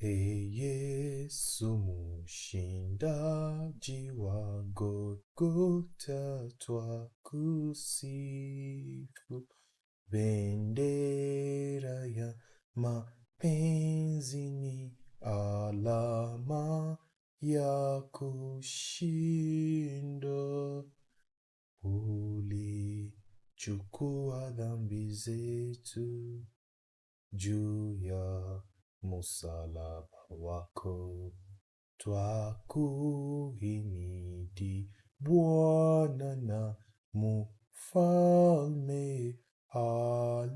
Ee Yesu mushindaji wa Golgotha, twakusifu. Bendera ya mapenzi ni alama ya kushinda. Ulichukua dhambi zetu juu ya Musalaba wako twakuhimidi Bwana na mfalme. Haleluya.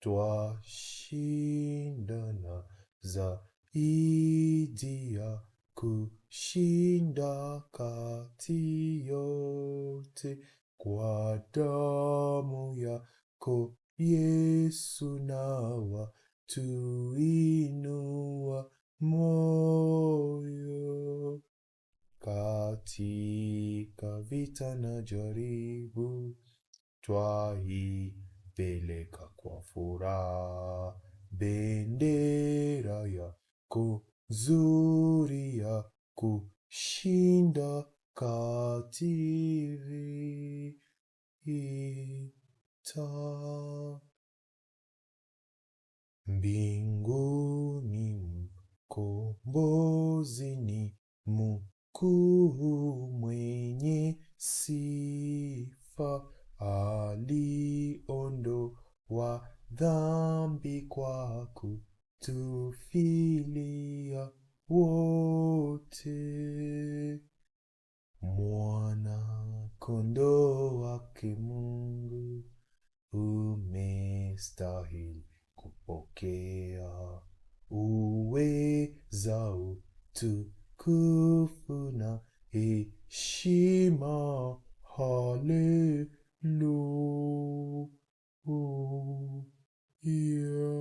Twashindana zaidi ya kushinda kati yote. kwa damu yako Yesu, nawa tuinua moyo katika vita na jaribu, peleka kwa furaha bendera yako zuri ya kushinda katili ita ni mkombozi ni mkuu, mwenye sifa, aliondoa dhambi kwa kutufilia wote. Kondoake mungu umestahili kupokea uweza utukufu na heshima. Haleluya.